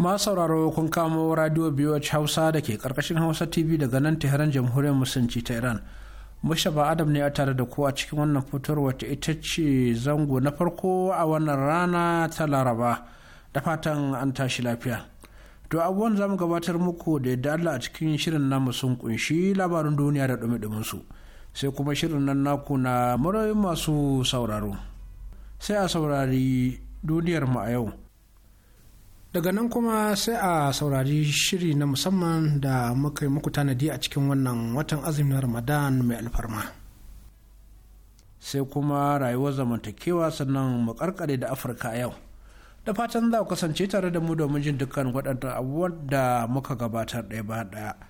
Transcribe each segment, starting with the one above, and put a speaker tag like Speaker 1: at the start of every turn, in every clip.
Speaker 1: ma sauraro kun kamo radio BOH Hausa da ke karkashin Hausa TV daga nan Tehran Jamhuriyar Musulunci ta Iran. Mushaba Adam ne a tare da kowa cikin wannan fitarwa ta ita ce zango na farko a wannan rana ta Laraba da fatan an tashi lafiya. To abubuwan zamu gabatar muku da yadda Allah a cikin shirin na sun kunshi labarin duniya da dumi su sai kuma shirin nan naku na murayin masu sauraro. Sai a saurari duniyar mu a yau. daga nan kuma sai a saurari shiri na musamman da muka yi muku tanadi a cikin wannan watan azumin ramadan mai alfarma sai kuma rayuwar zamantakewa sannan mu karkare da afirka yau da fatan za ku kasance tare da mu domin jin dukkan waɗanda abubuwan da muka gabatar ɗaya ba ɗaya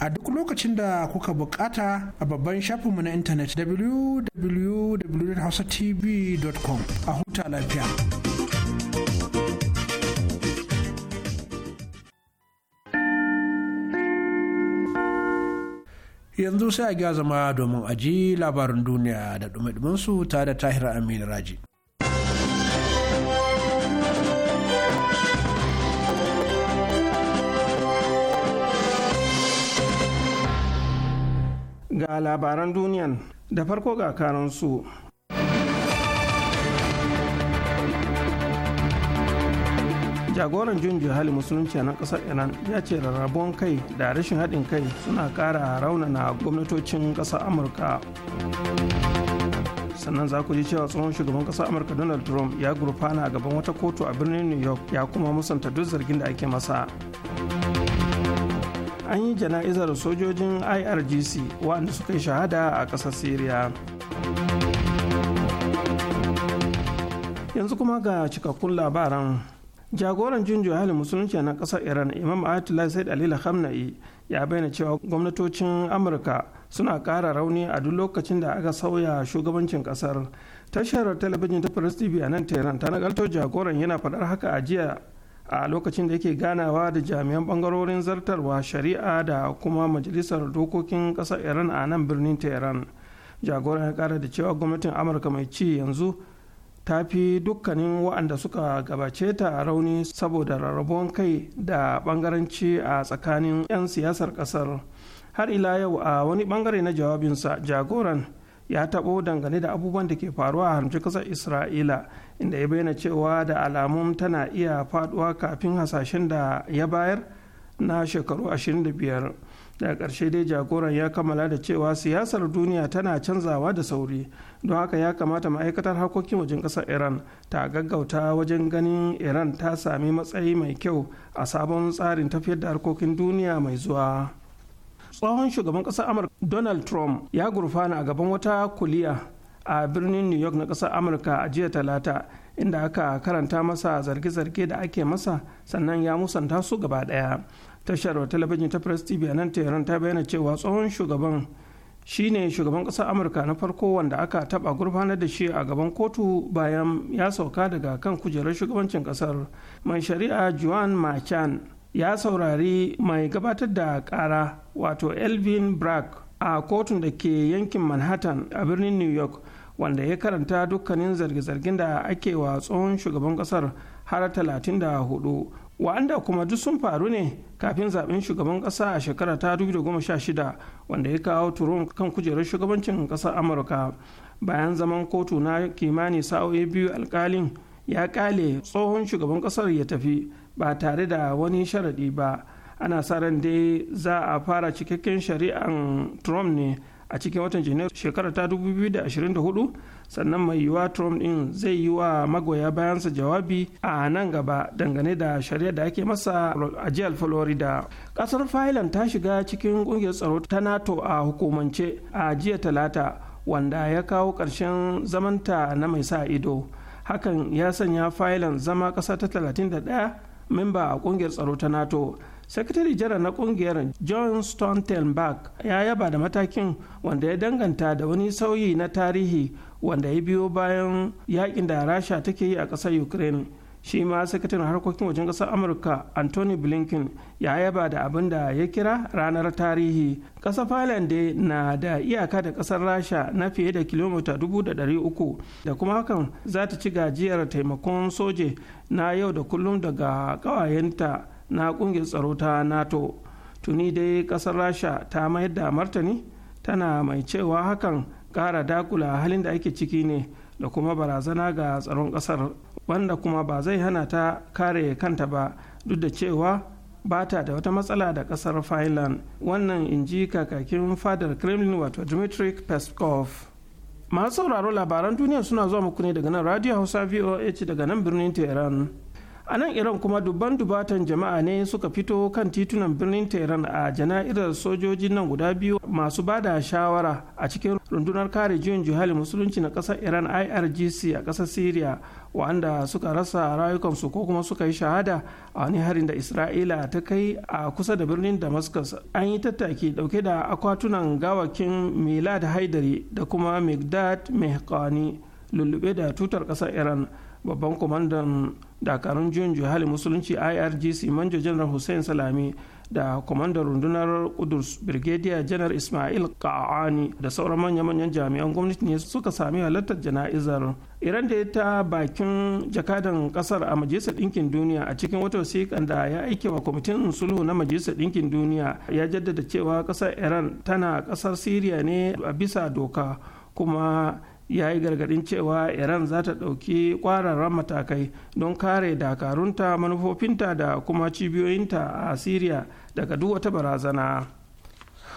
Speaker 1: a duk lokacin da kuka bukata a babban shafinmu na intanet www.hausatv.com a huta lafiya. Yanzu sai a gya zama domin aji labarin duniya da dumi su tare da Tahir Amin Raji.
Speaker 2: ga labaran duniyan da farko ga karansu. jagoran jun hali musulunci na kasar iran ya ce rarrabuwan kai da rashin haɗin kai suna ƙara raunana gwamnatocin ƙasar amurka sannan za ku ji cewa tsohon shugaban ƙasar amurka donald trump ya gurfana gaban wata kotu a birnin new york ya kuma musanta duk zargin da ake masa an yi jana'izar sojojin irgc waɗanda suka yi shahada a ƙasar syria yanzu kuma ga cikakkun labaran jagoran junjo hali musulunci na ƙasar iran imam ayatollah said alila hamna'i ya bayyana cewa gwamnatocin amurka suna ƙara rauni a duk lokacin da aka sauya shugabancin ƙasar tashar talabijin ta press tv a nan tehran ta nagalto jagoran yana faɗar haka a jiya a lokacin da yake ganawa da jami'an bangarorin zartarwa shari'a da kuma majalisar dokokin ƙasar iran a nan birnin tehran jagoran ya kara da cewa gwamnatin amurka mai ci yanzu ta fi dukkanin wa'anda suka gabace ta rauni saboda rarrabuwan kai da bangaranci a tsakanin 'yan siyasar ƙasar har ila yau a wani bangare na jawabinsa jagoran ya taɓo dangane da abubuwan da ke faruwa a harmci ƙasar isra'ila inda ya bayyana cewa da alamun tana iya faduwa kafin hasashen da ya bayar na shekaru 25 daga ƙarshe dai jagoran ya kammala da cewa siyasar duniya tana canzawa da sauri don haka ya kamata ma'aikatar harkokin wajen ƙasar iran ta gaggauta wajen ganin iran ta sami matsayi mai kyau a sabon tsarin tafiyar da harkokin duniya mai zuwa. tsohon shugaban ƙasar amurka donald trump ya gurfana a gaban wata kuliya a birnin new york na ƙasar amurka a jiya talata inda aka karanta masa zarge-zarge da ake masa sannan ya musanta su gaba ɗaya tashar talabijin ta press tv a nan tehran ta bayyana cewa tsohon shugaban shine shugaban ƙasar amurka na farko wanda aka taɓa gurfanar da shi a gaban kotu bayan ya sauka daga kan kujerar shugabancin ƙasar mai shari'a juan machan ya saurari mai gabatar da ƙara wato elvin bragg a kotun da ke yankin manhattan a birnin new york wanda ya karanta dukkanin zarge-zargen da ake wa tsohon shugaban kasar har 34 wa'anda kuma duk sun faru ne kafin zaben shugaban kasa a shekara ta 2016 wanda ya kawo turon kan kujerar shugabancin kasar amurka bayan zaman kotu na kimanin sa'o'i biyu alkalin ya kale tsohon shugaban kasar ya tafi ba tare da wani sharadi ba ana sa ran dai za a fara cikakken shari'an trump ne a cikin watan janairu shekarar ta 2024 sannan mai yiwuwa trump din zai yi wa magoya bayansa jawabi a nan gaba dangane da shari'a da ake masa a jihar florida kasar finland ta shiga cikin kungiyar tsaro ta nato a hukumance a jiya talata wanda ya kawo ƙarshen zamanta na mai sa ido hakan ya sanya finland zama ƙasa ta 31 memba a kungiyar tsaro ta nato sakatare jara na kungiyar john stoltenberg ya yaba da matakin wanda ya danganta da wani sauyi na tarihi wanda ya biyo bayan yakin da rasha take yi a ƙasar ukraine shi ma sakataren harkokin wajen ƙasar amurka anthony blinken ya yaba da abin da ya kira ranar tarihi ƙasar finland na da iyaka da ƙasar rasha na fiye da kilomita 300 da kuma hakan za ta ci gajiyar taimakon soje na yau da kullum daga ƙawayenta na kungiyar tsaro ta nato tuni dai kasar rasha ta mayar da martani tana mai cewa hakan kara dakula halin da ake ciki ne da kuma barazana ga tsaron kasar wanda kuma ba zai hana ta kare kanta ba duk da cewa ba ta da wata matsala da kasar finland wannan in ji kakakin fadar kremlin wato dmitry peskov masu sauraro labaran duniya suna zuwa muku ne daga nan radio hausa voh daga nan birnin tehran a nan iran kuma dubban dubatan jama'a ne suka fito kan titunan birnin tehran a jana'irar sojojin nan guda biyu masu ba da shawara a cikin rundunar kare juyin juhali musulunci na kasar iran irgc a kasar syria wa'anda suka rasa rayukansu ko kuma suka yi shahada a wani harin da isra'ila ta kai a kusa da birnin damascus an yi tattaki dauke da akwatunan gawakin milad haidari da kuma migdad mehkani lullube da tutar kasar iran babban kwamandan dakarun juyin hali musulunci irgc manjo janar hussein salami da kwamandan rundunar kudus brigadier janar ismail ka'ani da sauran manya-manyan jami'an gwamnati ne suka sami halartar jana'izar iran da ta bakin jakadan kasar a majalisar ɗinkin duniya a cikin wata wasiƙan da ya aike wa kwamitin sulhu na majalisar ɗinkin duniya ya jaddada cewa ƙasar iran tana ƙasar siriya ne a bisa doka kuma ya yi gargadin cewa iran za ta ɗauki ƙwararren matakai don kare dakarunta manufofinta da kuma cibiyoyinta a syria daga duk wata barazana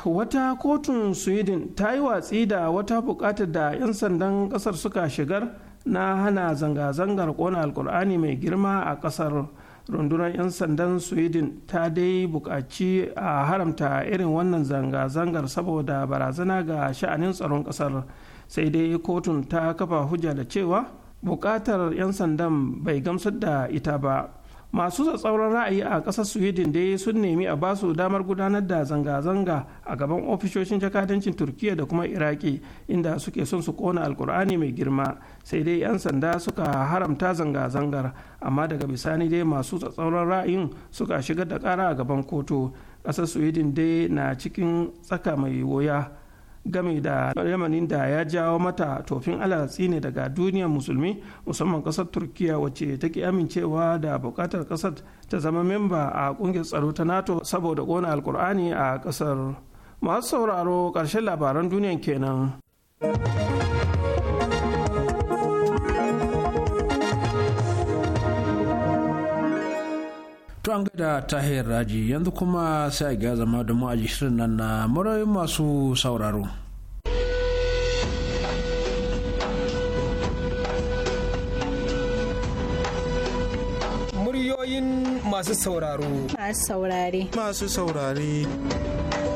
Speaker 2: wata kotun sweden ta yi watsi da wata buƙatar da 'yan sandan ƙasar suka shigar na hana zanga-zangar ƙona alkur'ani mai girma a ƙasar rundunar 'yan sandan sweden ta dai buƙaci a haramta irin wannan zanga-zangar saboda barazana ga sha'anin tsaron ƙasar sai dai kotun ta kafa hujja da cewa bukatar 'yan sandan bai gamsar da ita ba masu tsatsauran ra'ayi a ƙasar sweden dai sun nemi a basu damar gudanar da zanga-zanga a gaban ofishoshin jakadancin turkiya da kuma iraki inda suke son su kona alkur'ani mai girma sai dai 'yan sanda suka haramta zanga-zangar amma daga bisani dai masu tsatsauran ra'ayin suka shigar da ƙara a gaban kotu ƙasar sweden dai na cikin tsaka mai wuya game da lamarin da ya jawo mata tofin alatsi ne daga duniyar musulmi musamman kasar turkiya wacce take amincewa da bukatar kasar ta zama memba a kungiyar tsaro ta nato saboda kona alkur'ani a kasar masu sauraro ƙarshen labaran duniyan kenan.
Speaker 1: To an gada tahir raji yanzu kuma sai gaza zama da mu a shirin nan na murayin masu sauraro.
Speaker 3: Muryoyin masu sauraro. Masu saurare. Masu saurare.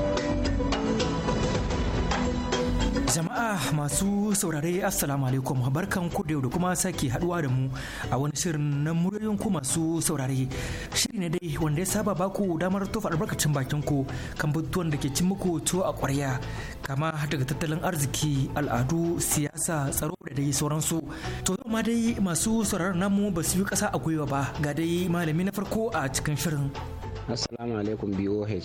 Speaker 3: Jama'a masu saurare Assalamu alaikum barkan ku da kuma sake haduwa da mu a wani shirin na muryoyin ku masu saurare. Shiri ne dai wanda ya saba baku damar tofa albarkacin bakin ku kan batutuwan da ke cin muku to a ƙwarya kama daga tattalin arziki, al'adu, siyasa, tsaro da dai sauransu. To yau dai masu sauraron namu ba su yi kasa a gwiwa ba ga dai malami na farko a cikin shirin.
Speaker 4: Assalamu alaikum BOH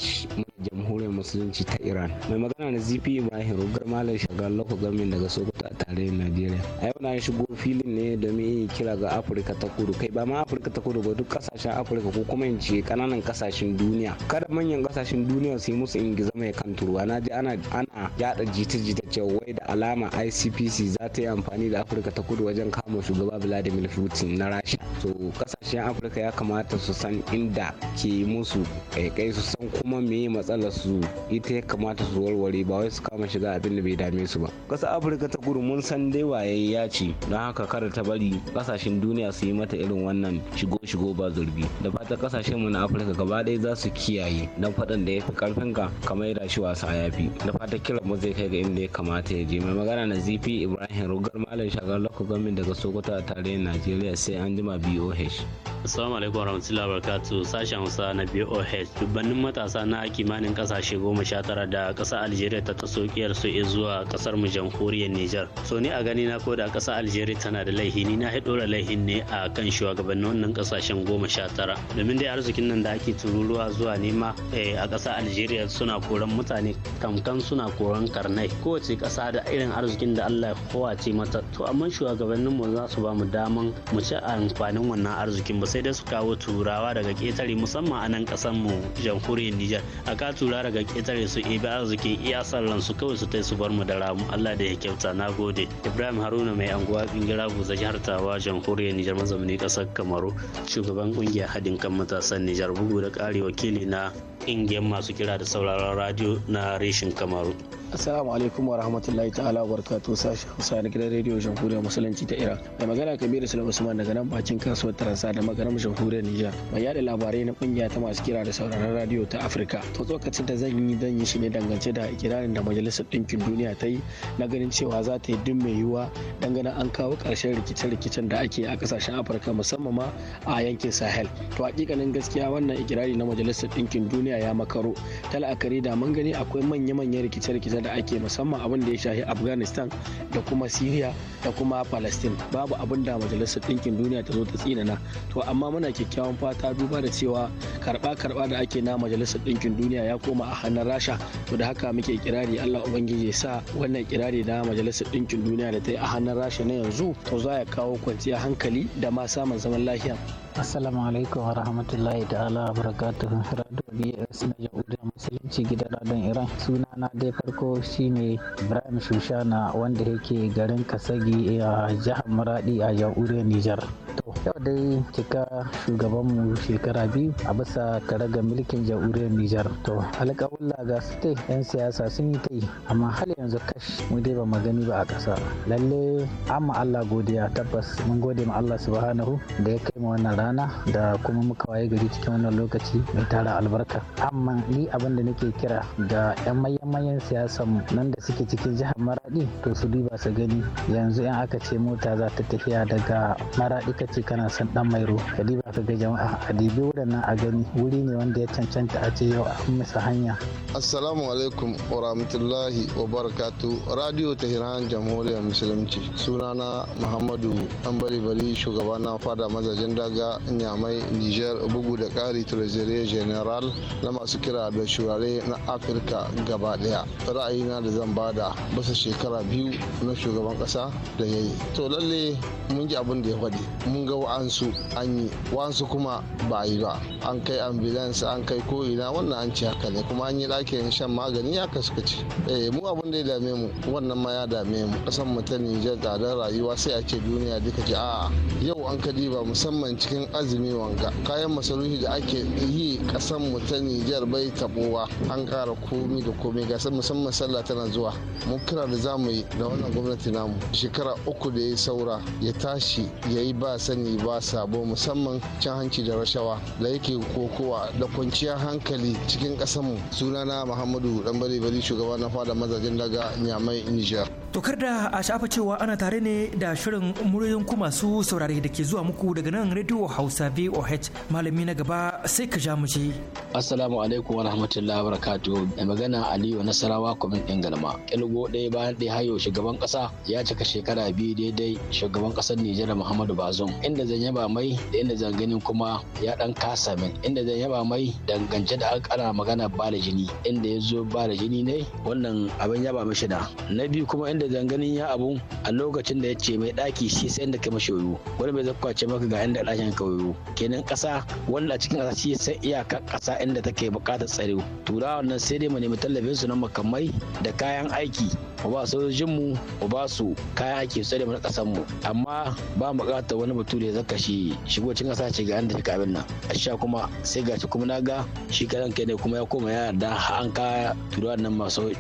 Speaker 4: jamhuriyar musulunci ta Iran. Mai magana na ZP Ibrahim Rugar Malam Shagar Loko Gamin daga Sokoto a tarayyar Najeriya. A yau na shigo filin ne domin yin kira ga Afirka ta Kudu kai ba ma Afirka ta Kudu ba duk kasashen Afirka ko kuma in ce kananan kasashen duniya. Kada manyan kasashen duniya su yi musu ingiza mai kan turuwa. Na ji ana ana yada jita-jita cewa wai da alama ICPC za ta yi amfani da Afirka ta Kudu wajen kama shugaba Vladimir Putin na Rasha. to kasashen afirka ya kamata su san inda ke musu eh, kai su san kuma me matsalar su ita ya kamata su warware ba wai su kama shiga abin da bai dame su ba ƙasar afirka ta gudu mun san dai waye ya ce don haka kada ta bari kasashen duniya su yi mata irin wannan shigo shigo ba zurbi da fata kasashen mu na afirka gaba ɗaya za su kiyaye don faɗan da ya fi karfin ka kamar yadda shi wasa ya fi da fata kiran mu zai kai ga inda ya kamata ya je mai magana na zifi ibrahim rugar malam shagar lokacin gwamnati daga sokoto a tarayyar najeriya sai an jima biyu BOH.
Speaker 5: Assalamu alaikum warahmatullahi wabarakatuh sashen Hausa na BOH dubbannin matasa na kimanin kasashe goma sha tara da ƙasar Algeria ta taso kiyar su zuwa ƙasar mu jamhuriyar Niger. So ni a gani na ko da ƙasar Algeria tana da laihi ni na da laihin ne a kan shugabannin wannan ƙasashen goma sha tara. Domin dai arzikin nan da ake tururuwa zuwa nema eh, a ƙasar Algeria suna koran mutane kamkan suna koran karnai. Kowace ƙasa da irin arzikin da Allah ya kowace mata. To amma shugabannin mu za su ba mu daman mu ci amfani amfanin wannan arzikin ba sai dai su kawo turawa daga ƙetare musamman a nan ƙasar mu jamhuriyar Nijar a ka tura daga ƙetare su ebi arzikin iya sallan su kawai su tai su bar mu da ramu Allah da ya kyauta na gode Ibrahim Haruna mai anguwa bingira buza jihar Tawa jamhuriyar Nijar mazauni ƙasar Kamaru shugaban kungiyar haɗin kan matasan Nijar bugu da ƙari wakili na ƙungiyar masu kira da sauraron radio na reshin Kamaru.
Speaker 6: Assalamu alaikum wa rahmatullahi ta'ala wa barakatuh sashen Hausa na gidan rediyo Jamhuriyar Musulunci ta Iran. Mai magana Kabiru Sule Usman daga nan bakin kasuwar Taransa da maganar Jamhuriyar Nijar. Mai yada labarai na kungiya ta masu kira da sauraron radio ta Afirka. To tsokacin da zan yi zan yi shi ne dangance da kiranin da Majalisar dinkin Duniya ta yi na ganin cewa za ta yi duk mai yiwuwa dangane an kawo karshen rikice-rikicen da ake a kasashen Afirka musamman ma a yankin Sahel. To hakikanin gaskiya wannan ikirari na Majalisar dinkin Duniya ya makaro. Tal'akari da mun gani akwai manya-manyan rikice-rikice ta'asa da ake musamman abin da ya shafi afghanistan da kuma syria da kuma palestine babu abin da majalisar ɗinkin duniya ta zo ta tsinana to amma muna kyakkyawan fata duba da cewa karba karba da ake na majalisar ɗinkin duniya ya koma a hannun rasha to da haka muke kirari allah ubangiji ya sa wannan kirari na majalisar ɗinkin duniya da ta yi a hannun rasha na yanzu to za ya kawo kwanciyar hankali da ma samun zaman lafiya
Speaker 7: Assalamu alaikum wa rahmatullahi ta'ala wa barakatuhu. Radio BS na Jamhuriyar Musulunci gidan radon Iran. Suna na dai farko shine Ibrahim Shushana wanda yake garin Kasagi a jihar Maradi a Jamhuriyar Nijar. To yau dai cika shugabanmu shekara biyu a bisa karagar mulkin Jamhuriyar Nijar. To alƙawulla ga su yan siyasa sun yi tai amma hal yanzu kash mu dai ba magani ba a ƙasa. Lalle amma Allah godiya tabbas mun gode ma Allah subhanahu da ya kai mu wannan rana da kuma muka waye gari cikin wannan lokaci mai tara albarka amma ni abin da nake kira ga 'yan mayan-mayan siyasan nan da suke cikin jihar maradi to su duba su gani yanzu in aka ce mota za ta tafiya daga maradi kace kana son dan mairo ka diba ka ga jama'a a dibi wadannan a gani wuri ne wanda ya cancanta a ce yau an masa hanya
Speaker 8: assalamu alaikum wa rahmatullahi wa barakatu radio tehran jamhuriyar musulunci sunana muhammadu an bari bari shugaba na fada mazajen daga ta nyamai niger bugu da kari trezorer general na masu kira da shurare na afirka gaba daya ra'ayina da zan bada basa shekara biyu na shugaban kasa da ya yi to lalle mun ji abin da ya faɗi mun ga wa'ansu an yi wa'ansu kuma ba yi ba an kai ambulance an kai ko'ina wannan an ci haka ne kuma an yi ɗakin shan magani haka suka ci eh mu abin da ya dame mu wannan ma ya dame mu kasan mu ta nijar rayuwa sai a ce duniya duka ce a yau an kadi ba musamman cikin cikin azumi wanga kayan masarufi da ake yi kasan mu ta Nijar bai tabowa an kara komi da komi ga musamman sallah tana zuwa mun kira da za mu yi da wannan gwamnati namu shekara uku da ya saura ya tashi ya yi ba sani ba sabo musamman cin hanci da rashawa da yake kokowa da kwanciyar hankali cikin kasanmu sunana muhammadu dan bari shugaban na fada mazajen daga nyamai Nijar.
Speaker 3: Tokar da a shafa cewa ana tare ne da shirin muryoyin ku masu saurare da ke zuwa muku daga nan Radio Hausa VOH malami na gaba sai ka ja muje.
Speaker 7: Assalamu alaikum wa rahmatullahi wa barakatuh. Mai magana Aliyu Nasarawa kwamin ɗin galma. Kilgo ɗaya bayan ɗaya hayo shugaban ƙasa ya cika shekara biyu daidai shugaban ƙasar Nijar Muhammadu Bazum. Inda zan yaba mai da inda zan ganin kuma ya ɗan kasa min. Inda zan yaba mai dangance da ana magana ba da jini. Inda ya zo ba da jini ne wannan abin yaba mishi da. Na biyu kuma da zanganin ya abu a lokacin da ya ce mai daki shi sai inda kai mashi yoyo wani bai zakwa ce maka ga inda ɗakin ka yoyo kenan ƙasa wanda a cikin kasa shi sai iyaka ƙasa inda take buƙatar tsaro turawa nan sai dai mu nemi tallafin su na makamai da kayan aiki mu ba sojojin mu mu ba su kayan aiki su tsare mu na ƙasar mu amma ba mu buƙatar wani bature ya zaka shi shigo cikin ƙasa ce ga inda take abin nan a sha kuma sai gashi kuma na ga shi karan kai ne kuma ya koma ya yarda an ka turawa nan masu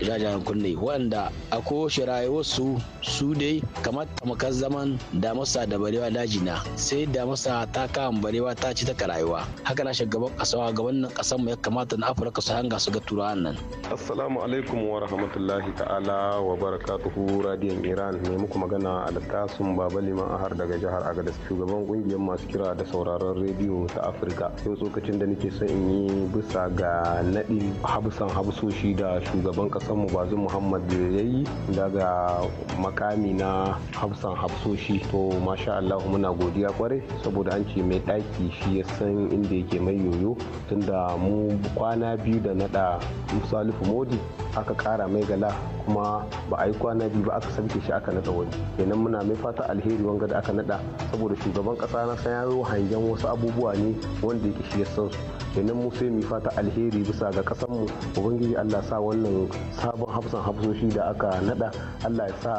Speaker 7: jajayen kunne wanda akwai kowace rayuwarsu su dai kamar tamakar zaman masa da barewa daji na sai masa ta kama barewa ta ci taka rayuwa haka na shugaban kasawa gaban nan kasan mu ya kamata na afirka su hanga su ga turawan nan
Speaker 9: assalamu alaikum wa rahmatullahi ta'ala wa barakatuhu radiyon iran ne muku magana a alkasun baba liman ahar daga jihar agadas shugaban kungiyar masu kira da sauraron rediyo ta afirka yau tsokacin da nake son in yi bisa ga naɗin habsan habsoshi da shugaban kasan mu bazin muhammad da ya yi daga makami na hafsan hafsoshi to masha Allah muna godiya kwarai saboda an ce mai ɗaki shi ya san inda yake mai yoyo tunda mu kwana biyu da naɗa musalifu modi aka kara mai gala kuma ba a yi kwana biyu ba aka sabke shi aka nada wani kenan muna mai fata alheri wanga da aka naɗa saboda shugaban kasa na san hangen wasu abubuwa ne wanda yake shi ya san su kenan mu sai mu fata alheri bisa ga kasan mu ubangiji Allah sa wannan sabon hafsan hafsoshi da aka naɗa Allah ya sa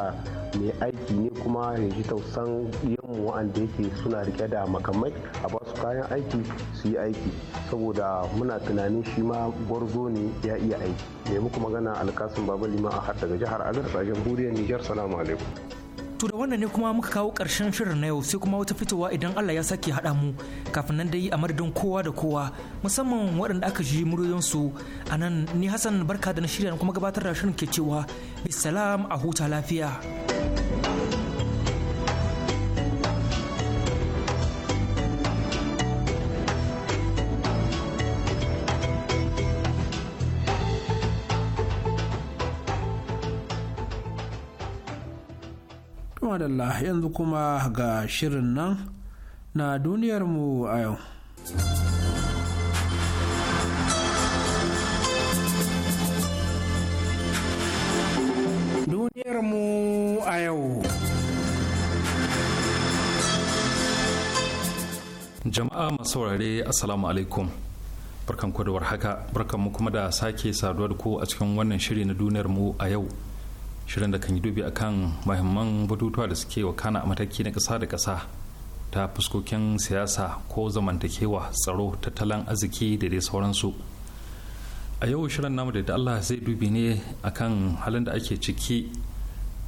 Speaker 9: mai aiki ne kuma ya ji tausan yanmu wa'anda yake suna rike da makamai a ba su kayan aiki su yi aiki saboda muna tunanin shi ma gwarzo ne ya iya aiki da muku magana ana alkasun baba lima a har daga jihar agar a jamhuriyar nijar salamu alaikum
Speaker 3: To da wannan ne kuma muka kawo karshen shirin na yau sai kuma wata fitowa idan Allah ya sake haɗa mu kafin nan dai a madadin kowa da kowa musamman waɗanda aka ji su a nan ni Hassan barka da na shirya kuma gabatar da shirin ke cewa bisalam a huta lafiya.
Speaker 1: madalla yanzu kuma ga shirin nan na duniyarmu a yau. Duniyarmu a yau.
Speaker 10: Jama'a masu saurare Assalamu alaikum. Barkan da haka, barkan mu kuma da sake saduwar da ku a cikin wannan shiri na duniyarmu a yau. shirin da kan yi dubi akan mahimman batutuwa da suke wakana a mataki na kasa da kasa ta fuskokin siyasa ko zamantakewa tsaro tattalin arziki da dai sauransu a yau shirin namu da Allah zai dubi ne akan halin da ake ciki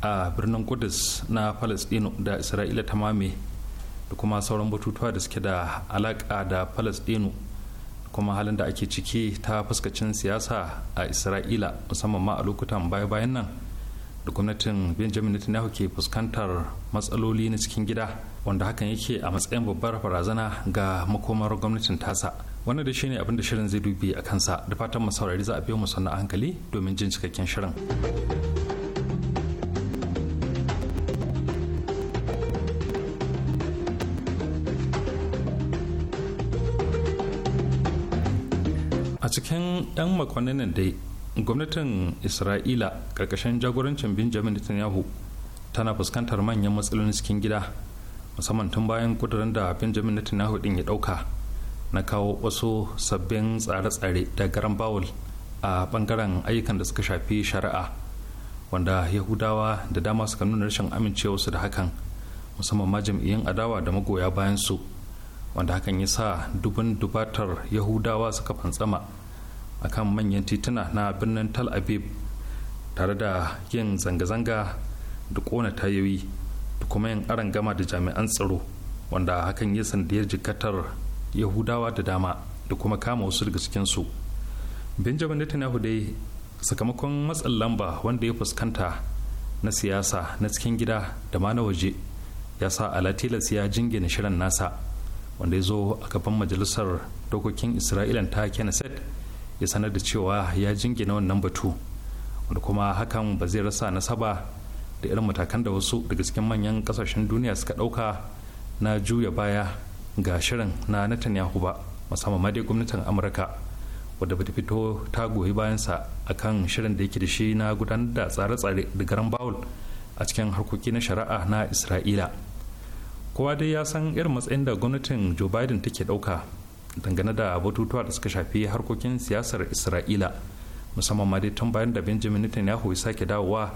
Speaker 10: a birnin kudus na palestino da isra'ila ta mame da kuma sauran batutuwa da suke da alaƙa da palestino kuma halin da ake ciki ta fuskacin siyasa a isra'ila musamman ma a lokutan baya-bayan nan da gwamnatin benjamin netanyahu ke fuskantar matsaloli na cikin gida wanda hakan yake a matsayin babbar barazana ga makomar gwamnatin tasa wannan da shine abin da shirin zai dubi a kansa da fatan mu saurari za a biyo mu sannan hankali domin jin cikakken shirin a cikin 'yan makonnin dai gwamnatin isra'ila karkashin jagorancin benjamin netanyahu tana fuskantar manyan matsalolin cikin gida musamman tun bayan kudurin da benjamin netanyahu din ya dauka na kawo wasu sabbin tsare-tsare da garan bawul a bangaren ayyukan da suka shafi shari'a wanda yahudawa da dama suka nuna rashin amincewarsu da hakan musamman ma jam'iyyun adawa da magoya bayan su wanda hakan ya sa dubin dubatar yahudawa suka fantsama akan manyan tituna na birnin tal abib tare da yin zanga-zanga da kona tayoyi da kuma yin aron gama da jami'an tsaro wanda hakan ya sandiyar jikatar yahudawa da dama da kuma kama wasu daga cikinsu benjamin netanyahu dai sakamakon matsin lamba wanda ya fuskanta na siyasa na cikin gida da ma na waje ya sa alatilas ya jingina shirin nasa wanda ya zo a gaban majalisar dokokin isra'ilan ta kenneth ya sanar da cewa ya jingina wannan batu wanda kuma hakan ba zai rasa nasaba da irin matakan da wasu daga cikin manyan kasashen duniya suka ɗauka na juya baya ga shirin na Netanyahu ba musamman ma dai gwamnatin Amurka wadda bata fito ta goyi bayansa a kan shirin da yake da shi na gudanar da tsare-tsare da garan bawul a cikin harkoki na shari'a na Isra'ila. Kowa dai ya san irin matsayin da gwamnatin Joe Biden take ɗauka dangane da batutuwa da suka shafi harkokin siyasar isra'ila musamman ma dai tun bayan da benjamin netanyahu ya sake dawowa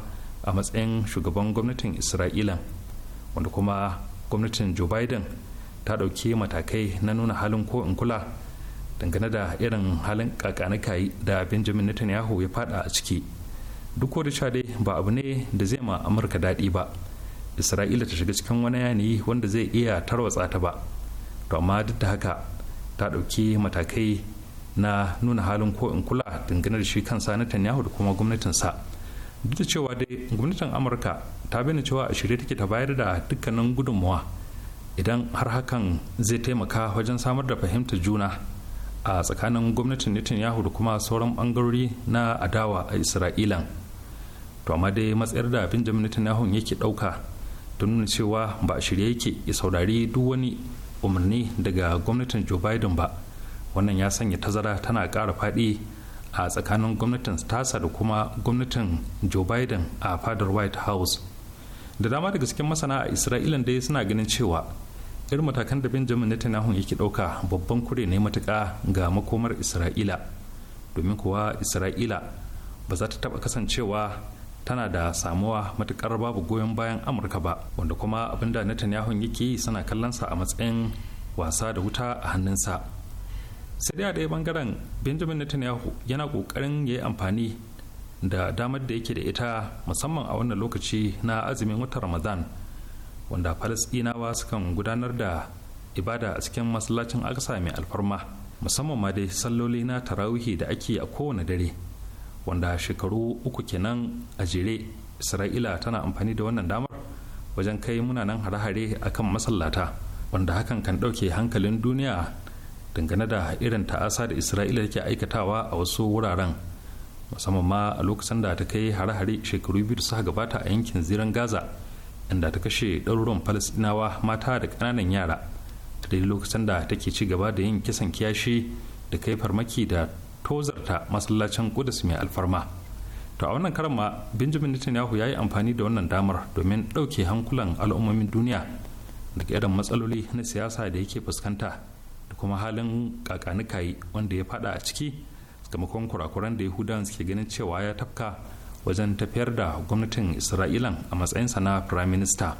Speaker 10: a matsayin shugaban gwamnatin isra'ila wanda kuma gwamnatin joe biden ta ɗauki matakai na nuna halin ko in kula dangane da irin halin kakanika da benjamin netanyahu ya fada a ciki duk da cewa dai ba abu ne da zai ma amurka daɗi ba isra'ila ta shiga cikin wani yanayi wanda zai iya tarwatsa ta ba to amma duk da haka ta ɗauki matakai na nuna halin ko in kula dangane da shi kansa Netanyahu da kuma gwamnatinsa. Duk da cewa dai gwamnatin Amurka ta bayyana cewa a shirye take ta bayar da dukkanin gudunmawa idan har hakan zai taimaka wajen samar da fahimtar juna a tsakanin gwamnatin Netanyahu da kuma sauran bangarori na adawa a Isra'ilan. To amma dai matsayar da Benjamin Netanyahu yake ɗauka ta nuna cewa ba a shirye yake ya saurari duk wani umarni daga gwamnatin joe biden ba wannan ya sanya tazara tana kara faɗi a tsakanin gwamnatin tasa da kuma gwamnatin joe biden a fadar white house da dama daga cikin masana a isra'ila dai suna ganin cewa irin matakan da benjamin netanyahu yake ɗauka babban kure ne matuka ga makomar isra'ila domin kuwa isra'ila ba za ta taɓa kasancewa tana da samuwa matukar babu goyon bayan amurka ba wanda kuma da netanyahu yake yi suna kallonsa a matsayin wasa da wuta a hannunsa sai dai a ɗaya bangaren benjamin netanyahu yana ƙoƙarin ya yi amfani da damar da yake da ita musamman a wannan lokaci na azumin wata ramadan wanda falasɗinawa sukan gudanar da ibada a cikin masallacin aksa mai alfarma musamman ma dai salloli na tarawihi da ake a kowane dare wanda shekaru uku kenan a jere isra'ila tana amfani da wannan damar wajen kai munanan hare-hare kan masallata wanda hakan kan ɗauke hankalin duniya dangane da irin ta'asa da isra'ila ke aikatawa a wasu wuraren musamman ma a lokacin da ta kai hare-hare shekaru biyu da suka gabata a yankin ziran gaza inda ta kashe ɗaruruwan falasɗinawa mata da ƙananan yara a lokacin da take ci gaba da yin kisan kiyashi da kai farmaki da tozarta masallacin kudus mai alfarma to a wannan karan ma benjamin netanyahu ya yi amfani da wannan damar domin ɗauke hankulan al'ummomin duniya daga irin matsaloli na siyasa da yake fuskanta da kuma halin kakanikayi wanda ya fada a ciki sakamakon kurakuran da yahudan suke ganin cewa ya tafka wajen tafiyar da gwamnatin isra'ilan a matsayinsa na prime minister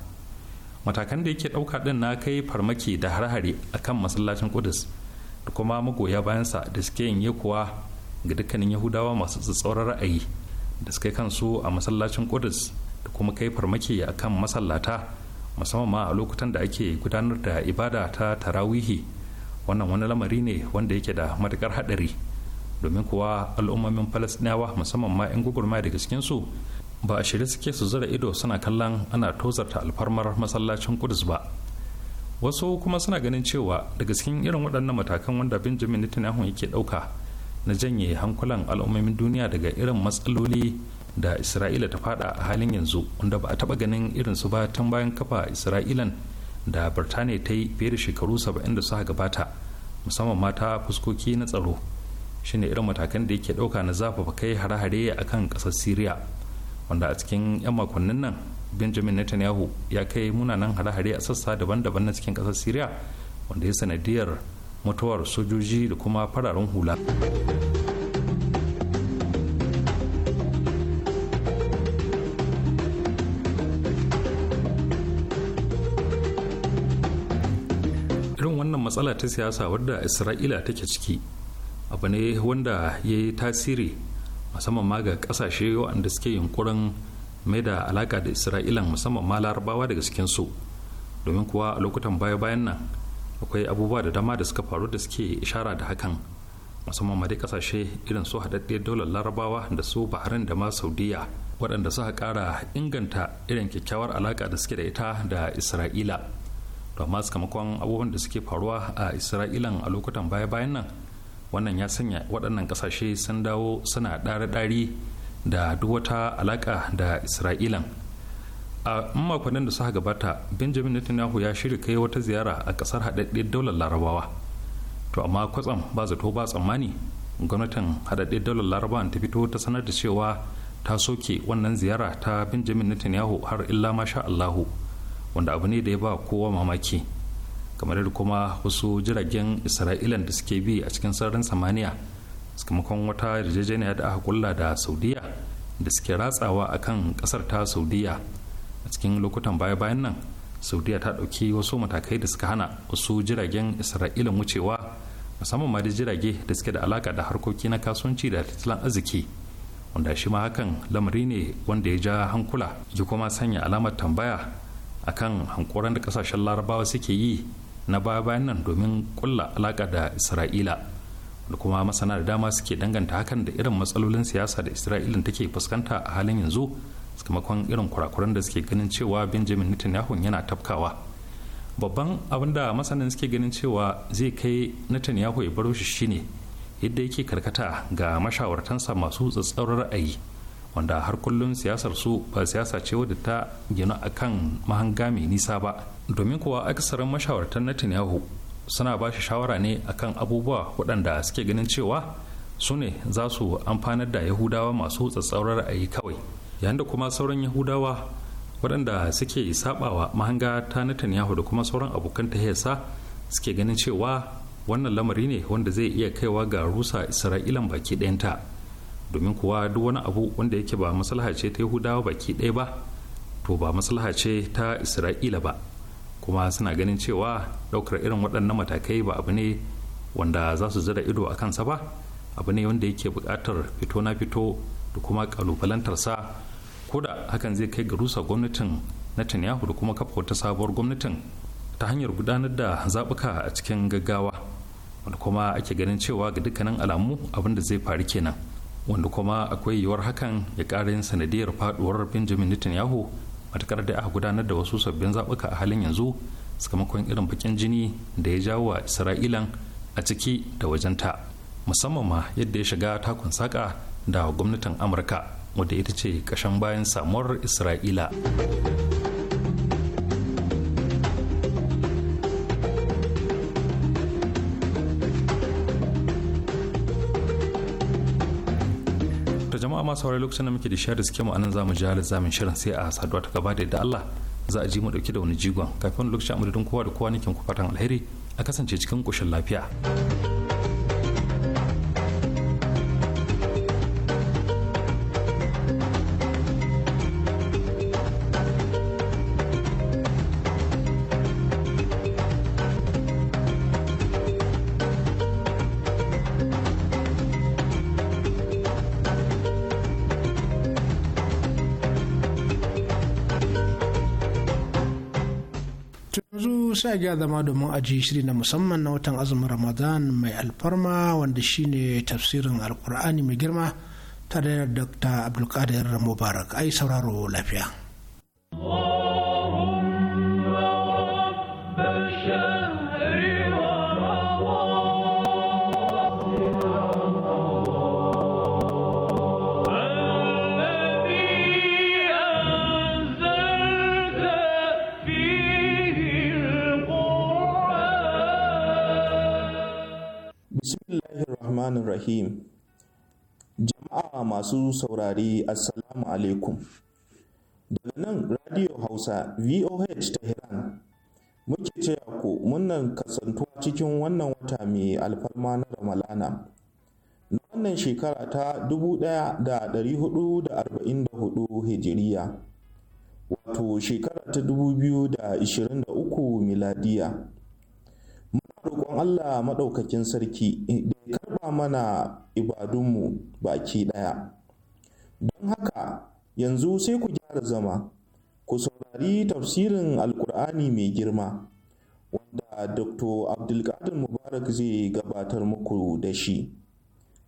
Speaker 10: matakan da yake ɗauka ɗin na kai farmaki da har akan masallacin kudus da kuma magoya bayansa da suke yin yakuwa ga dukkanin yahudawa masu tsatsauran ra'ayi da suka kansu a masallacin kudus da kuma kai farmaki a kan masallata musamman ma a lokutan da ake gudanar da ibada ta tarawihi wannan wani lamari ne wanda yake da matukar hadari domin kuwa al'ummomin falasɗinawa musamman ma 'yan gugurma daga cikinsu ba a shirye suke su zura ido suna kallon ana tozarta alfarmar masallacin kudus ba wasu kuma suna ganin cewa daga cikin irin waɗannan matakan wanda benjamin netanyahu yake ɗauka na janye hankulan al'ummomin duniya daga irin matsaloli da isra'ila ta fada a halin yanzu wanda ba a taɓa ganin irin su ba tun bayan kafa isra'ilan da birtaniya ta yi fiye da shekaru saba'in da suka gabata musamman mata fuskoki na tsaro shine irin matakan da yake ɗauka na zafafa kai hare-hare a kan ƙasar syria wanda a cikin 'yan makonnin nan benjamin netanyahu ya kai munanan hare-hare a sassa daban-daban na cikin ƙasar syria wanda ya sanadiyar mutuwar sojoji da kuma fararen hula irin wannan matsala ta siyasa wadda isra'ila take ciki abu ne wanda ya yi tasiri musamman ma ga kasashe waɗanda suke yunkurin mai da alaka da isra'ilan musamman ma larabawa daga su domin kuwa a lokutan baya-bayan nan akwai abubuwa da dama da suka faru da suke ishara da hakan musamman ma dai kasashe irin su haɗaɗɗe daular larabawa da su bahrain da ma saudiya waɗanda suka ƙara inganta irin kyakkyawar alaƙa da suke da ita da isra'ila amma sakamakon abubuwan da suke faruwa a isra'ilan a lokutan baya-bayan nan wannan ya sanya waɗannan ƙasashe sun dawo suna ɗari ɗari da duk wata alaka da isra'ilan a makonnin da suka gabata benjamin netanyahu ya shirya kai wata ziyara a kasar haɗaɗɗiyar daular larabawa to amma kwatsam ba zato ba tsammani gwamnatin haɗaɗɗiyar daular larabawa ta fito ta sanar da cewa ta soke wannan ziyara ta benjamin netanyahu har illa masha allahu wanda abu ne da ya ba kowa mamaki kamar da kuma wasu jiragen isra'ilan da suke bi a cikin sararin samaniya sakamakon wata yarjejeniya da aka kulla da saudiya da suke ratsawa a kan kasar ta saudiya a cikin lokutan baya-bayan nan saudiya ta ɗauki wasu matakai da suka hana wasu jiragen isra'ila wucewa musamman ma da jirage da suke da alaka da harkoki na kasuwanci da tattalin arziki wanda shi ma hakan lamari ne wanda ya ja hankula ya kuma sanya alamar tambaya akan hankoran da kasashen larabawa suke yi na baya-bayan nan domin kulla alaka da isra'ila da kuma masana da dama suke danganta hakan da irin matsalolin siyasa da isra'ila take fuskanta a halin yanzu sakamakon irin kurakuran da suke ganin cewa benjamin netanyahu yana tafkawa babban abin da masanan suke ganin cewa zai kai netanyahu ya baro shi shine yadda yake karkata ga mashawartansa masu tsatsaurar ra'ayi wanda har kullum siyasar su ba siyasa ce wadda ta gina akan mahanga mai nisa ba domin kuwa akasarin mashawartan netanyahu suna ba shi shawara ne akan abubuwa waɗanda suke ganin cewa su ne za su amfanar da yahudawa masu tsatsaurar ra'ayi kawai yayin da kuma sauran yahudawa waɗanda suke sabawa mahanga ta netanyahu da kuma sauran abokan hesa suke ganin cewa wannan lamari ne wanda zai iya kaiwa ga rusa isra'ilan baki ɗayanta domin kuwa duk wani abu wanda yake ba maslaha ce ta yahudawa baki ɗaya ba to ba maslaha ce ta isra'ila ba kuma suna ganin cewa ɗaukar irin waɗannan matakai ba abu ne wanda za su zira ido a kansa ba abu ne wanda yake buƙatar fito na fito da kuma ƙalubalantarsa ko da hakan zai kai ga rusa gwamnatin netanyahu da kuma kafa wata sabuwar gwamnatin ta hanyar gudanar da zaɓuka a cikin gaggawa wanda kuma ake ganin cewa ga dukkanin alamu abin da zai faru kenan wanda kuma akwai yiwuwar hakan ya ƙara yin sanadiyar faɗuwar benjamin netanyahu matakar da aka gudanar da wasu sabbin zaɓuka a halin yanzu sakamakon irin bakin jini da ya jawo wa isra'ilan a ciki da wajen ta musamman ma yadda ya shiga takun saƙa da gwamnatin amurka wadda ita ce ƙashin bayan samuwar isra'ila masu saurari lokacin da muke da share suke mu anan za mu jihar zamin shirin sai a saduwa ta gaba da Allah za a ji mu dauke da wani jigon kafin lokacin amurin kowa da kowa nake kufatan fatan alheri a kasance cikin koshin lafiya.
Speaker 1: sai gyara zama domin aji shiri na musamman na watan azumin ramadan mai alfarma wanda shine tafsirin alkur'ani mai girma tare da dr abdulkadir mubarak ai sauraro lafiya
Speaker 11: rahim jama'a masu saurari assalamu alaikum daga nan radio hausa voh tehran muke cewa ku munnan kasantuwa cikin wannan wata mai alfarma na ramalana na wannan shekara ta 1444 hijiriya wato shekara ta 2023 miladiya roƙon Allah maɗaukakin sarki mana ibadunmu baki ɗaya. Don haka yanzu sai ku gyara zama, ku saurari tafsirin Alƙur'ani mai girma, wanda Dr. Abdulkadir Mubarak zai gabatar muku da shi.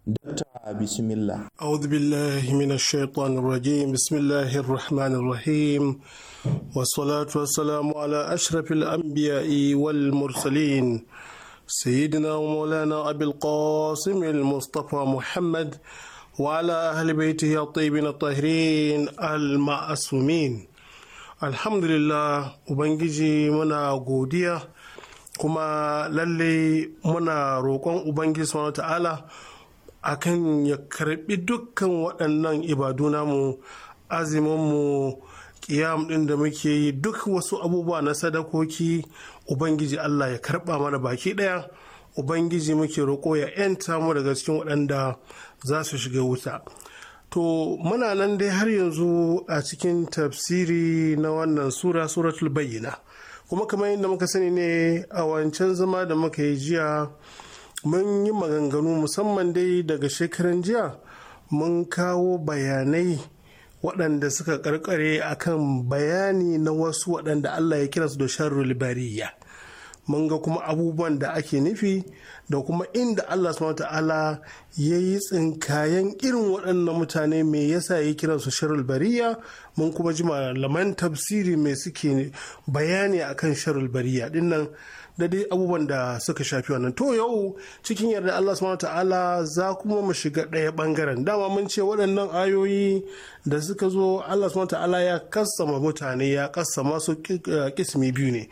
Speaker 11: Dokta Bismillah.
Speaker 12: A'udhu billahi minash shaitanir rajim. Bismillahir rahmanir rahim. Wassalatu wassalamu ala ashrafil anbiya'i wal mursalin. سيدنا ومولانا أبي القاسم المصطفى محمد وعلى أهل بيته الطيبين الطاهرين المعصومين الحمد لله وبنجي منا غوديا kuma lallai muna roƙon ubangiji subhanahu ta'ala akan ya karbi dukkan waɗannan ibadu namu mu, ƙiyam ɗin da muke yi duk wasu abubuwa na sadakoki ubangiji allah ya karba mana baki ɗaya ubangiji muke roƙo ya 'yanta mu daga cikin waɗanda za su shiga wuta to muna nan dai har yanzu a cikin tafsiri na wannan sura suratul bayyana kuma kamar yadda muka sani ne a wancan zama da muka yi jiya mun yi maganganu musamman dai daga shekaran jiya mun kawo bayanai waɗanda suka karkare akan bayani na wasu waɗanda Allah ya kira su da sharrul bariya mun ga kuma abubuwan da ake nufi da kuma inda Allah subhanahu ta'ala ya yi tsinkayen irin waɗannan mutane me yasa ya kira su sharul bariya mun kuma ji malaman tafsiri mai suke bayani akan sharul bariya dinnan da dai abubuwan da suka shafi wannan to yau cikin yarda Allah subhanahu ta'ala za kuma mu shiga ɗaya bangaren dama mun ce waɗannan ayoyi da suka zo Allah subhanahu ta'ala ya kassama mutane ya kassama su eh, kismi biyu ne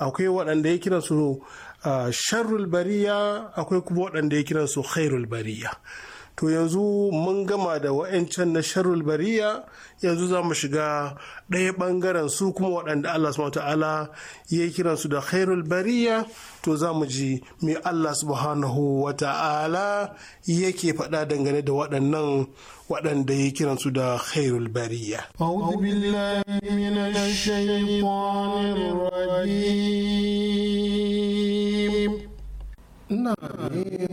Speaker 12: akwai waɗanda ya kira su ah, sharrul bariya akwai kuma waɗanda ya kira su khairul bariya to yanzu mun gama da wa'ancan na sharul bariya yanzu za mu shiga ɗaya ɓangaren su kuma waɗanda Allah subhanahu ta'ala ya yi kiransu da khairul bariya to za mu ji me Allah subhanahu wa ta'ala yake faɗa dangane da waɗannan waɗanda ya yi kiransu da khairul bariya. ina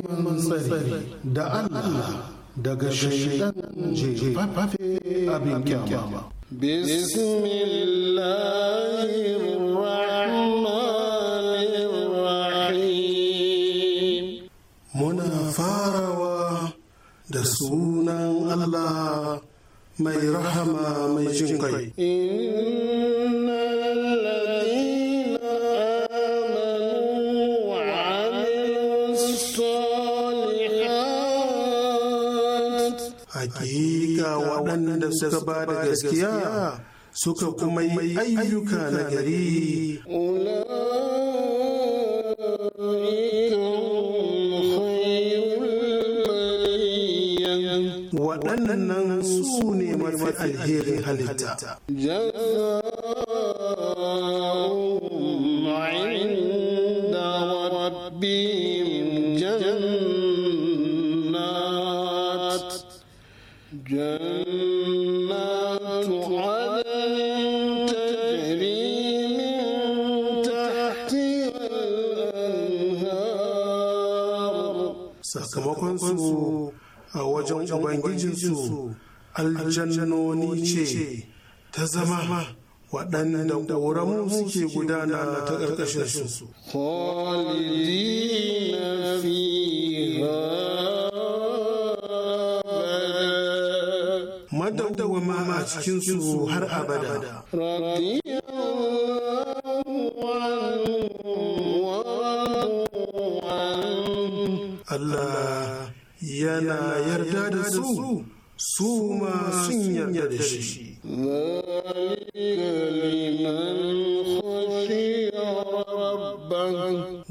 Speaker 12: neman tsari da Allah daga shaidan jefafe abin kyamama. Bismillahirrahmanirrahim. Muna farawa da sunan Allah mai rahama mai jin kai. Inna wa wanda suka ba da gaskiya suka kuma yi ayyuka na gari. waɗannan su ne mafi alherin halitta. Jaza'un ma'in da rabbi sakamakonsu a wajen ubangijinsu aljannoni ce ta zama waɗanda musu suke gudana ta ƙarƙashinsu. ma a cikinsu har abada. su sun yarda da shi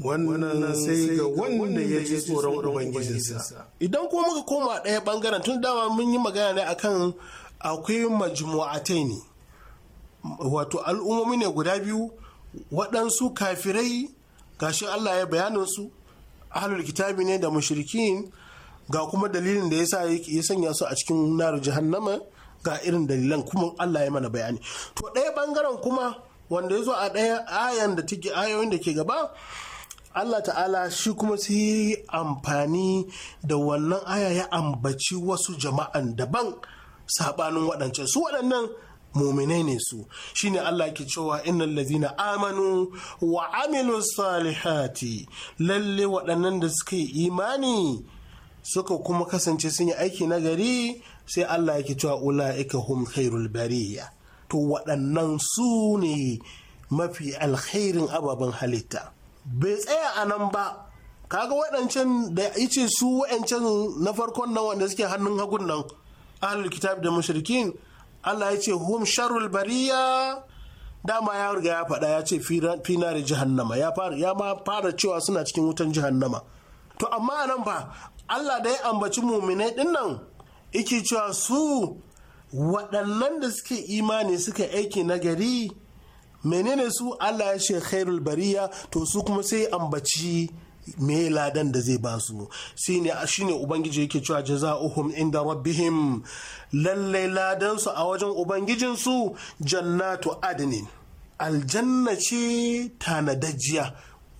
Speaker 12: wannan sai ga wanda ya tsoron ubangijinsa idan kuma muka koma ɗaya ɓangaren tun dama mun yi magana ne akan akwai majmu'atai ne wato al'ummomi ne guda biyu waɗansu kafirai gashi Allah ya bayanin su ahlul kitabi ne da mushrikin ga kuma dalilin da yasa ya sanya su a cikin naru jahannama ga irin dalilan kuma Allah ya mana bayani to ɗaya bangaren kuma wanda ya zo a ɗaya ayan da take ayoyin da ke gaba Allah ta'ala shi kuma su yi amfani da wannan aya ya ambaci wasu jama'an daban sabanin waɗancan su waɗannan muminai ne su shine Allah ke cewa innal ladhina amanu wa amilu salihati lalle waɗannan da suka yi imani suka kuma kasance sun yi aiki na gari sai Allah yake cewa ula'ika hum khairul bariya to waɗannan su ne mafi alkhairin ababen halitta bai tsaya a nan ba kaga waɗancan da ce su waɗancan na farkon nan wanda suke hannun hagun nan ahlul kitab da mushrikin Allah ya ce hum sharul bariya dama ya riga ya faɗa ya ce finari jahannama ya ya fara cewa suna cikin wutan jahannama to amma nan ba Allah da ya ambaci muminai dinnan yake cewa su waɗannan da suke imani suka aiki nagari menene su Allah ya ce khairul bariya to su kuma sai ambaci me ladan da zai basu shine shine ubangiji yake cewa jazaohum inda rabbihim Lallai ladan su a wajen ubangijin su jannatu adnin aljanna ce tanadajiya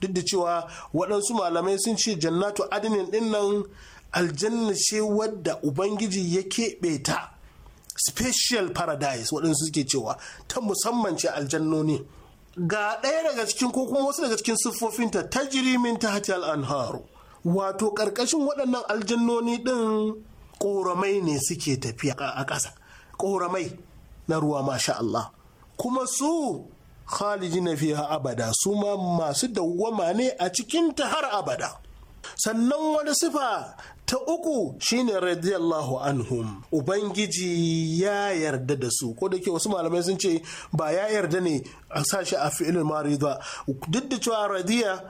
Speaker 12: duk da cewa waɗansu malamai sun ce jannatu adinin ɗin nan aljanna ce wadda ubangiji ya keɓe ta special paradise waɗansu suke cewa ta musamman ce aljannoni ga ɗaya daga cikin ko kuma wasu daga cikin siffofinta ta jirimin ta hatal anharu wato ƙarƙashin waɗannan aljannoni ɗin ƙoramai ne suke tafiya a ƙasa ƙoramai na ruwa masha Allah kuma su fiye fiha abada su ma masu dawwama ne a cikin ta har abada sannan wani sifa ta uku shine radiyallahu anhum ubangiji ya yarda da su ko da ke wasu malamai sun ce ba ya yarda ne a sashi a fi'il mari ba duk da cewa radiya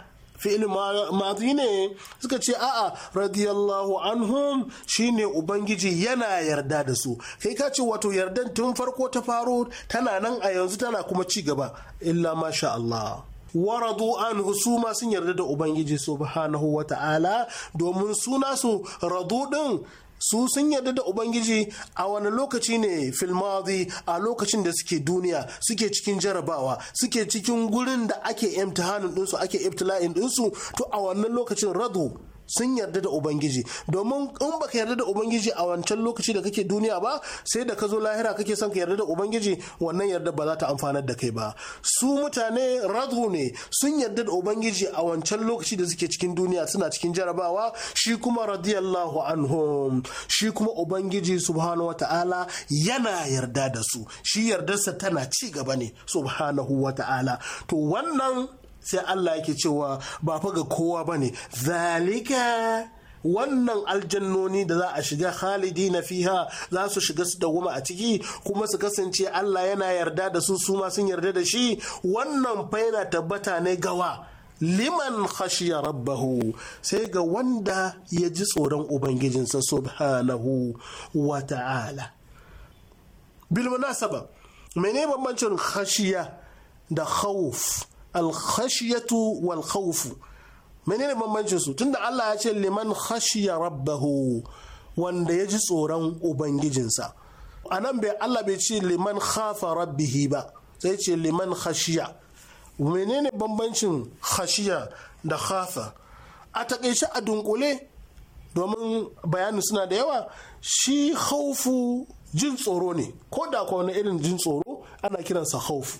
Speaker 12: fi'il madi ne suka ce a'a radiyallahu anhum shine ubangiji yana yarda da su kai ka ce wato yardan tun farko ta faro tana nan a yanzu tana kuma ci gaba illa masha Allah waradu an husuma sun yarda da ubangiji subhanahu wata'ala domin suna su radu din su sun yarda da ubangiji a wani lokaci ne filmazi a lokacin da suke duniya suke cikin jarabawa suke cikin gurin da ake imtihanin ɗinsu ake ibtila'in ɗinsu to a wannan lokacin radu sun yarda da ubangiji domin in baka yarda da ubangiji a wancan lokaci da kake duniya ba sai da ka zo lahira kake son ka yarda da ubangiji wannan yarda ba za ta amfana da kai ba su mutane radhu ne sun yarda da ubangiji a wancan lokaci da suke cikin duniya suna cikin jarabawa shi kuma radiyallahu anhum shi kuma ubangiji subhanahu wata'ala yana yarda da su shi yardarsa tana ci gaba ne subhanahu wata'ala to wannan sai Allah yake cewa ba fa ga kowa ba ne zalika wannan aljannoni da za a shiga khalidi na fiha za su shiga su dawoma a ciki kuma su kasance Allah yana yarda da su su ma sun yarda da shi wannan fa yana tabbata ne gawa liman khashiya rabbahu sai ga wanda ya ji tsoron ubangijinsa subhanahu wa ta'ala bil munasaba mene bambancin khashiya da khawf alkhashiyatu wal khawfu menene bambancin su tunda Allah ya ce liman khashiya rabbahu wanda ya ji tsoron ubangijinsa anan bai Allah bai ce liman khafa rabbihi ba sai ce liman khashiya menene bambancin khashiya da khafa a takaice a dunkule domin bayani suna da yawa shi khawfu jin tsoro ne ko da wani irin jin tsoro ana kiransa khawfu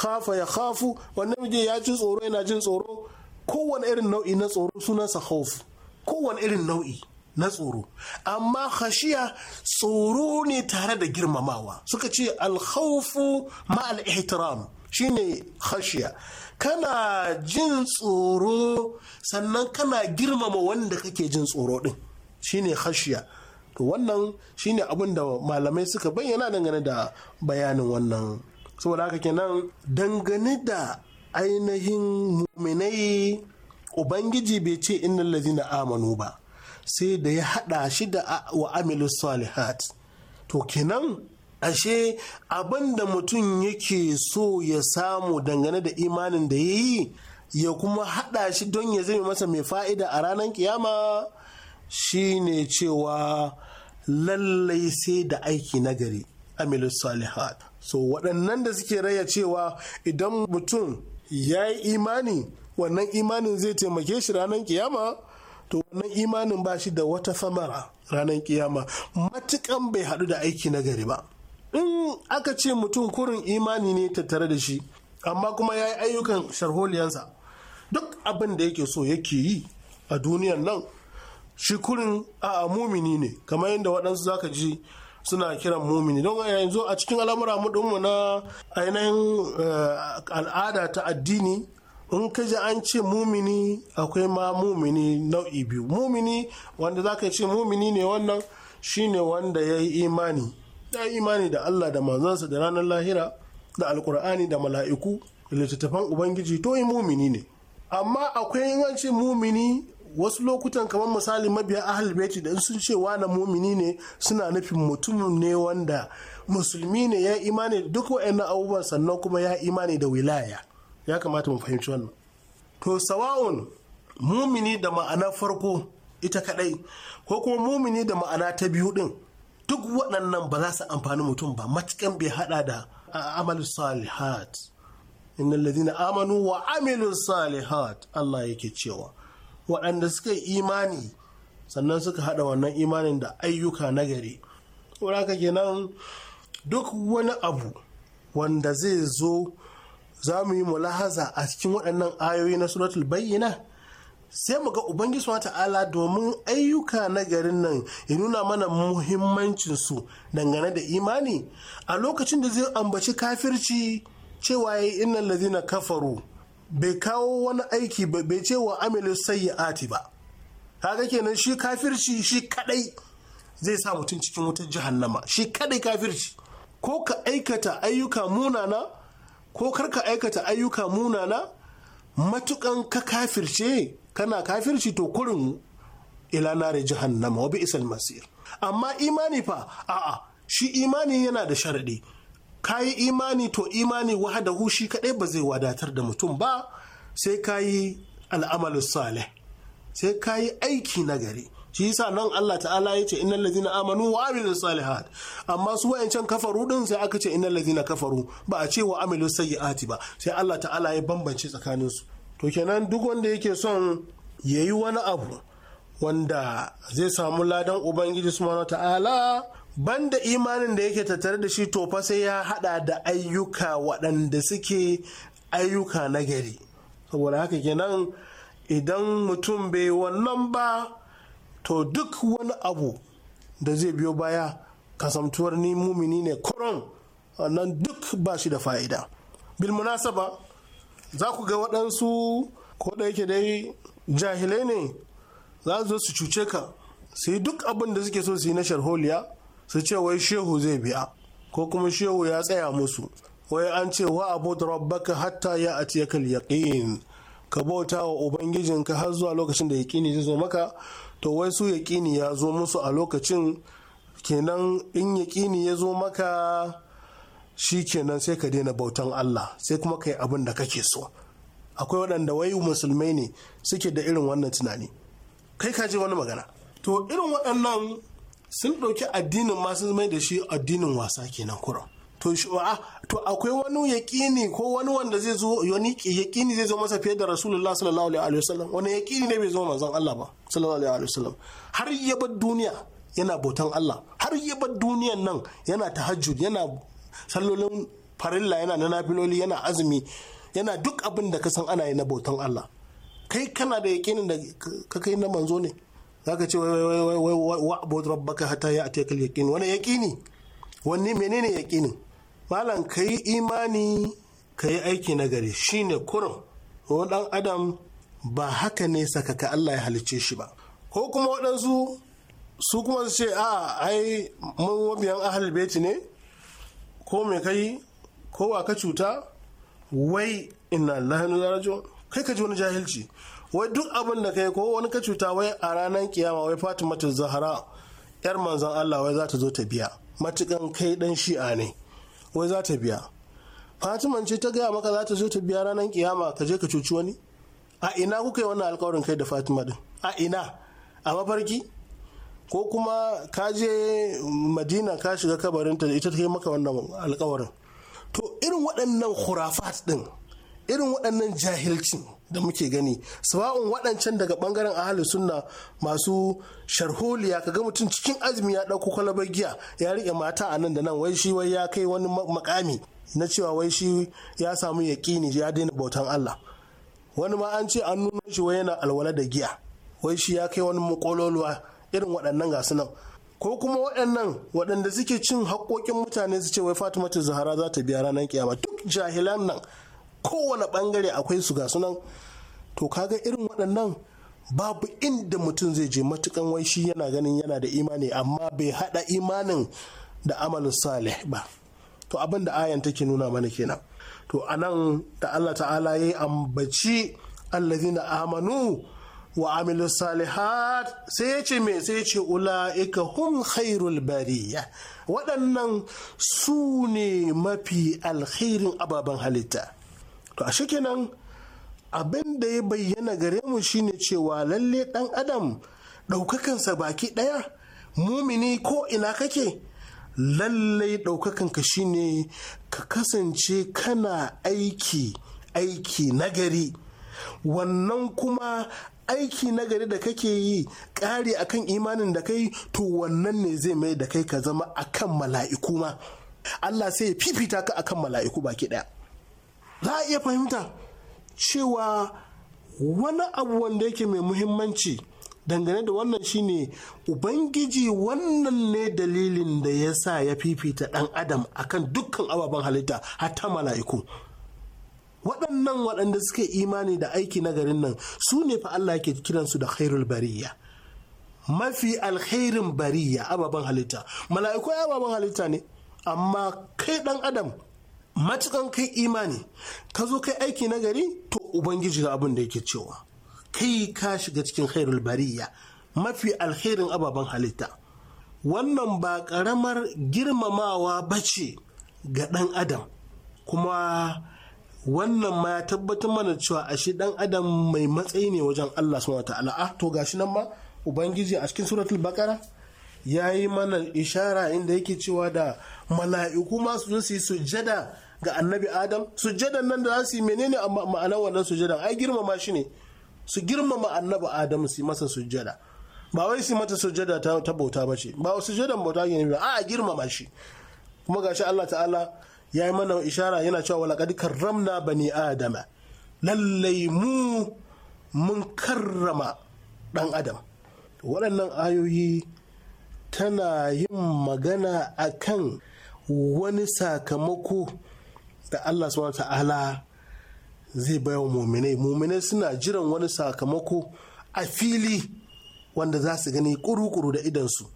Speaker 12: khafa ya khafu wannan miji ya ji tsoro yana jin tsoro kowane irin nau'i na tsoro sunansa khauf kowane irin nau'i na tsoro amma khashiya tsoro ne tare da girmamawa suka ce alkhawfu ma al-ihtiram shine khashiya kana jin tsoro sannan kana girmama wanda kake jin tsoro din shine khashiya to wannan shine abin da malamai suka bayyana dangane da bayanin wannan saboda haka kenan dangane da ainihin muminai ubangiji bai ce innal lazina amanu ba sai da ya hada shi da wa amilu salihat to kenan ashe abin da mutum yake so ya samu dangane da imanin da ya yi ya kuma hada shi don ya zai masa mai fa'ida a ranar kiyama shine cewa lallai sai da aiki nagari amilu salihat so waɗannan da suke raya cewa idan mutum ya yi imani wannan imanin zai taimake shi ranar kiyama to wannan imanin ba shi da wata samara ranar kiyama matukan bai haɗu da aiki na gari ba in aka ce mutum kurin imani ne tattare da shi amma kuma ya yi ayyukan sharholiyansa duk abin da yake so yake yi a duniyan nan shi kurin a mumini ne kamar yadda waɗansu zaka ji suna kiran mumini don yanzu a cikin al'amura mu na ainihin eh, al'ada ta addini in kaji an ce mumini akwai ma mumini nau'i biyu mumini wanda za ka ce mumini ne wannan shine wanda ya yi imani ya yi imani da allah da manzansa da ranar lahira da alkur'ani da mala'iku da littattafan ubangiji to yi mumini ne amma akwai yin ce mumini wasu lokutan kamar misali mabiya ahal beti da sun ce wani mumini ne suna nufin mutumin ne wanda musulmi ne ya imani duk wa'annan abubuwan sannan kuma ya imani da wilaya ya kamata mu fahimci wannan to sawa'un mumini da ma'ana farko ita kadai ko kuma mumini da ma'ana ta biyu din duk waɗannan ba za su amfani mutum ba matukan bai hada da amal salihat inna ladina amanu wa amilu salihat Allah yake cewa waɗanda suka yi imani sannan suka haɗa wannan imanin da ayyuka nagari haka kenan duk wani abu wanda zai zo za mu yi mulahaza a cikin waɗannan ayoyi na suratul bayyana sai mu ga ubangiji wa ta'ala domin ayyuka na garin nan ya nuna mana muhimmancinsu dangane da imani a lokacin da zai ambaci kafirci cewa ya yi innan lazina kafaru bai kawo wani aiki ba bai ce wa amilu ati ba kaga kenan shi kafirci shi kadai zai sa mutum cikin wata jahannama shi kadai kafirci ko ka aikata ayyuka munana ko kar ka aikata ayyuka munana matukan ka kafirce kana kafirci to kurin ila nare jahannama wa bi isal masir amma imani fa a'a shi imani yana da sharadi ka yi imani to imani da hushi kaɗai ba zai wadatar da mutum ba sai ka yi al'amalin salih sai ka yi aiki nagari shi yasa nan Allah ta'ala ya ce innal ladina amanu wa amilu salihat amma su wayancan kafaru din sai aka ce innal ladina kafaru ba a ce wa amilu sayyiati ba sai Allah ta'ala ya bambance tsakanin su to kenan duk wanda yake son yayi wani abu wanda zai samu ladan ubangiji subhanahu ta'ala banda imanin da yake tattare da shi to fa sai ya hada da ayyuka waɗanda suke ayyuka na gari saboda haka kenan idan mutum bai wannan ba to duk wani abu da zai biyo baya kasamtuwar ni mumini ne koron wannan duk ba shi da fa'ida bil munasaba za ku ga waɗansu ko da yake dai jahilai ne za su zo su cuce ka su yi duk abin da suke so su yi na sharholiya su ce wai shehu zai biya ko kuma shehu ya tsaya musu wai an ce wa abud rabbaka hatta ya kal yaqin ka bauta wa ubangijinka har zuwa lokacin da yaƙini zai zo maka to wai su yaƙini ya zo musu a lokacin kenan in yaƙini ya zo maka shi kenan sai ka daina bautan Allah sai kuma ka yi abin da kake so akwai waɗanda wai musulmai ne suke da irin wannan tunani kai ka je wani magana to irin waɗannan sun ɗauki addinin ma sun mai da shi addinin wasa kenan kura. to to akwai wani yaƙini ko wani wanda zai zo wani yaƙini zai zo masa fiye da rasulullah sallallahu alaihi wasallam wani yaƙini ne bai zo manzon Allah ba sallallahu alaihi wasallam har ya bar duniya yana bautan Allah har ya bar duniyan nan yana tahajjud yana sallolin farilla yana na nafiloli yana azumi yana duk abin da ka san ana yi na bautan Allah kai kana da yaƙinin da ka kai na manzo ne za ka ce wa'bud rabbaka hatta ya'tiyaka al-yaqin wani yaqini wani menene yaƙini malam kai imani kai aiki na gari shine kurum wani dan adam ba haka ne saka ka Allah ya halice shi ba ko kuma waɗansu su kuma su ce a ai mun wabiyan ahal beti ne ko me kai ko wa ka cuta wai inna lillahi wa kai ka ji wani jahilci wai duk abin da kai ko wani ka cuta wai a ranar kiyama wai fatima ta zahara yar manzan Allah wai za ta zo ta biya matukan kai dan shi'a ne wai za ta biya fatiman ce ta gaya maka za ta zo ta biya ranar kiyama ka je ka cuci wani a ina kuka yi wannan alkawarin kai da fatima din a ina a mafarki ko kuma ka je madina ka shiga kabarinta ita ta yi maka wannan alkawarin to irin waɗannan hurafat din irin waɗannan jahilcin da muke gani sawa'un waɗancan daga ɓangaren ahali sunna masu sharholiya ka ga mutum cikin azumi ya ɗauko kwalabar giya ya riƙe mata a nan da nan wai shi wai ya kai wani makami na cewa wai shi ya samu yaƙini ya daina bautan Allah wani ma an ce an nuna shi wai yana alwala da giya wai shi ya kai wani makololuwa irin waɗannan gasu nan ko kuma waɗannan waɗanda suke cin haƙoƙin mutane su ce wai fatima zahara za ta biya ranar kiyama duk jahilan nan kowane bangare akwai su ga sunan to kaga irin waɗannan babu inda mutum zai je matukan wai shi yana ganin yana da imani amma bai hada imanin da amalin salih ba to abin da ayan take nuna mana kenan to anan da Allah ta'ala ya ambaci allazina amanu wa amilu salihat sai ya ce me sai ya ce ula'ika hum khairul bariya waɗannan su ne mafi alkhairin ababen halitta to a kenan abin da ya bayyana gare mu shine cewa lalle dan adam ɗaukakansa baki ɗaya mumini ko ina kake lallai ka shine ka kasance kana aiki aiki nagari wannan kuma aiki nagari da kake yi ƙari akan imanin da kai to wannan ne zai mai da kai ka zama akan mala'iku ma Allah sai ya fifita ka akan mala'iku baki ɗaya za a iya fahimta cewa wani abu wanda yake mai muhimmanci dangane da wannan shine ubangiji wannan ne dalilin da ya sa ya fifita ɗan adam akan dukkan ababen halitta hatta mala'iku waɗannan waɗanda suke imani da aiki na garin nan su ne fa Allah ke kiransu da khairul bariya mafi alkhairin bariya ababen halitta mala'iku ababen halitta ne amma kai ɗan adam matukan kai imani ka zo kai aiki na gari to ubangiji ga abin da yake cewa kai ka shiga cikin khairul bariya mafi alherin ababen halitta wannan ba karamar girmamawa ba ce ga ɗan adam kuma wannan ma ya tabbatar mana cewa shi ɗan adam mai matsayi ne wajen Allah subhanahu ta'ala ah to gashi nan ma ubangiji a cikin suratul bakara ya yi mana ishara inda yake cewa da mala'iku masu su yi sujada ga annabi adam sujjadan nan da za su yi menene ma'anar wannan sujjadan ai girmama shi ne su girmama annabi adam su masa sujjada ba wai su mata sujjada ta bauta ba ce ba sujjadan bauta ne ba a girmama shi kuma gashi Allah ta'ala ya yi mana ishara yana cewa wala kad karramna bani adama lallai mu mun karrama dan adam waɗannan ayoyi tana yin magana akan wani sakamako da Allah subhanahu ta'ala zai bai wa muminai muminai suna jiran wani sakamako a fili wanda za su gani kuru-kuru da idansu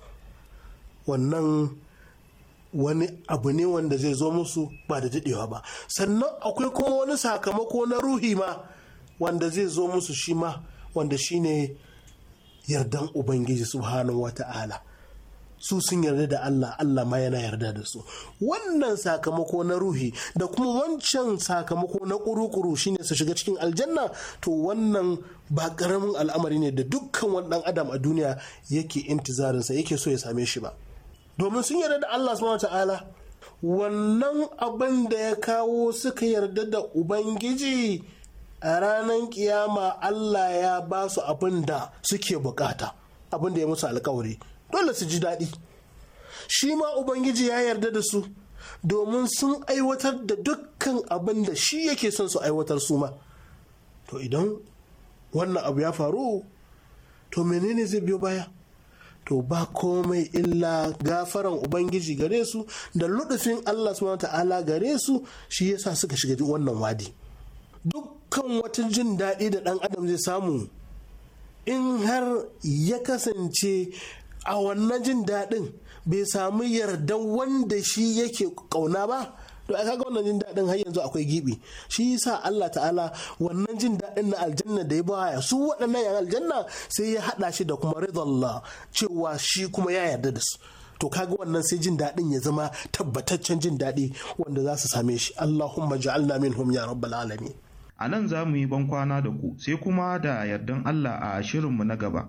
Speaker 12: wannan wani abu ne wanda zai zo musu ba da daɗewa ba sannan akwai kuma wani sakamako na ruhi ma wanda zai zo musu shi ma wanda shine yardan ubangiji subhanahu wa Ta'ala. su sun yarda da Allah Allah ma yana yarda da su wannan sakamako na ruhi da kuma wancan sakamako na kuru-kuru shine su shiga cikin aljanna to wannan ba karamin al'amari ne da dukkan wani adam a duniya yake intizarin sa yake so ya same shi ba domin sun yarda da Allah subhanahu ta'ala wannan abin da ya kawo suka yarda da ubangiji a ranar kiyama Allah ya ba su abin da suke bukata abin da ya musu alkawari dole su ji daɗi shi ma ubangiji ya yarda da su domin sun aiwatar da dukkan abin da shi yake son su aiwatar su ma to idan wannan abu ya faru to menene zai biyo baya to ba komai illa gafaran ubangiji gare su da ludufin Allah subhanahu ta'ala gare su shi yasa suka shiga wannan wadi dukkan wata jin daɗi da ɗan adam zai samu in har ya kasance a wannan jin daɗin bai samu yarda wanda shi yake ƙauna ba to a kaga wannan jin daɗin har yanzu akwai gibi shi yasa Allah ta'ala wannan jin daɗin na aljanna da ya baya su waɗannan yan aljanna sai ya haɗa shi da kuma ridallah cewa shi kuma ya yarda da su to kaga wannan sai jin daɗin ya zama tabbataccen jin daɗi wanda za su same shi Allahumma ja'alna minhum ya rabbal alamin
Speaker 11: a nan za mu yi bankwana da ku sai kuma da yardan Allah a shirinmu na gaba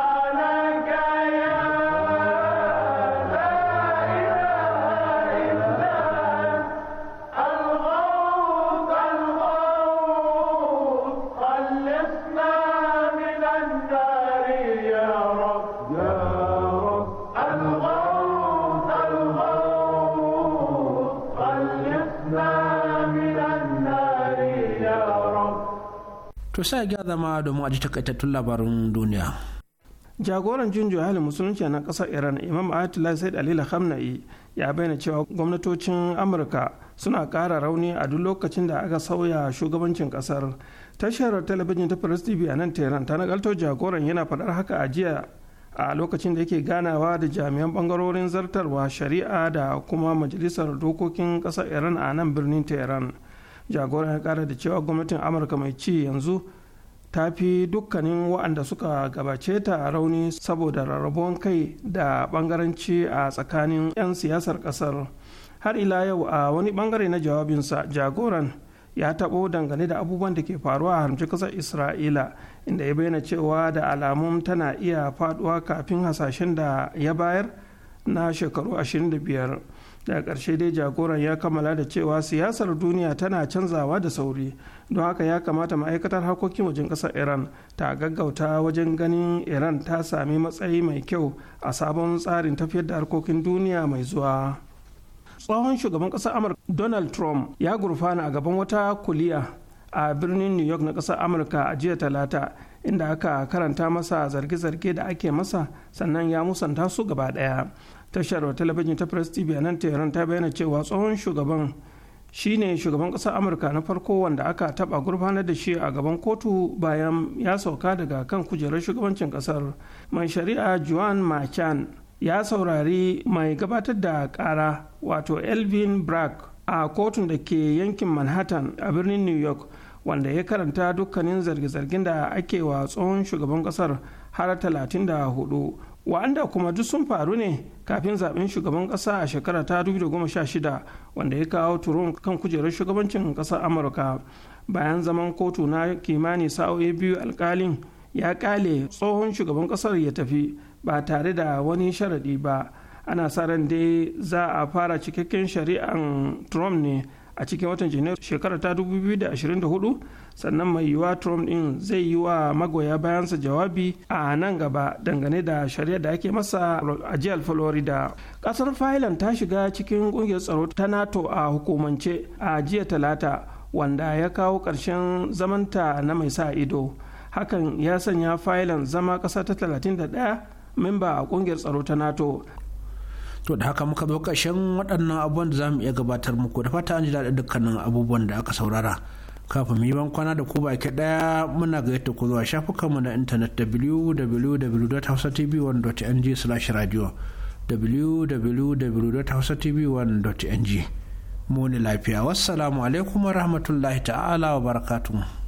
Speaker 1: to sai ya zama domin a takaitattun labarin duniya
Speaker 2: jagoran junjo halin musulunci na kasar iran imam ayatollah said alila hamna'i ya bayyana cewa gwamnatocin amurka suna kara rauni a duk lokacin da aka sauya shugabancin kasar tashar talabijin ta press tv a nan tehran ta nakalto jagoran yana faɗar haka a jiya a lokacin da yake ganawa da jami'an bangarorin zartarwa shari'a da kuma majalisar dokokin kasar iran a nan birnin tehran jagora ya kara da cewa gwamnatin amurka mai ci yanzu ta fi dukkanin waɗanda suka gabace ta rauni saboda rarrabuwan kai da ɓangaranci a tsakanin 'yan siyasar ƙasar har ila yau a wani bangare na jawabinsa jagoran ya taɓo dangane da abubuwan da ke faruwa a harmci ƙasar isra'ila inda ya bayyana cewa da alamun tana iya faɗuwa kafin hasashen da ya bayar na shekaru 25 da ƙarshe dai jagoran ya kammala da cewa siyasar duniya tana canzawa da sauri don haka ya kamata ma'aikatar harkokin wajen ƙasar iran ta gaggauta wajen ganin iran ta sami matsayi mai kyau a sabon tsarin tafiyar da harkokin duniya mai zuwa tsohon shugaban ƙasar amurka donald trump ya gurfana a gaban wata kuliya a birnin new york na ƙasar amurka a jiya talata inda aka karanta masa zarge-zarge da ake masa sannan ya musanta su gaba ɗaya tashar talabijin ta press tv a nan tehran ta bayyana cewa tsohon shugaban shine shugaban ƙasar amurka na farko wanda aka taba gurfanar da shi a gaban kotu bayan ya sauka daga kan kujerar shugabancin ƙasar mai shari'a juan machan ya saurari mai gabatar da kara wato elvin brack a kotun da ke yankin manhattan a birnin new york wanda ya karanta dukkanin zarge-zargen da ake wa tsohon shugaban kasar har 34 wa'anda kuma duk sun faru ne kafin zaben shugaban kasa a shekara ta 2016 wanda ya kawo turon kan kujerar shugabancin kasar amurka bayan zaman kotu na kimani sa'o'i biyu alkalin ya kale tsohon shugaban kasar ya tafi ba tare da wani sharaɗi ba ana sa ran dai za a fara cikakken shari'an trump ne a cikin watan janairu shekara ta hudu sannan mai yiwuwa trump din zai yi wa magoya bayansa jawabi a nan gaba dangane da shari'a da ake masa a jihar florida kasar finland ta shiga cikin kungiyar tsaro ta nato a hukumance a jiya talata wanda ya kawo ƙarshen zamanta na mai sa ido hakan ya sanya finland zama
Speaker 1: ƙasa ta talatin da 31 memba a kungiyar tsaro ta nato to da haka muka zo ƙarshen waɗannan abubuwan da za mu iya gabatar muku da fata an ji daɗin dukkanin abubuwan da aka saurara kafin mu yi bankwana da ku baki ɗaya muna gayyata ku zuwa shafukanmu na intanet www.hausatv1.ng slash radio www.hausatv1.ng mu ne lafiya wassalamu alaikum wa rahmatullahi ta'ala wa barakatuhu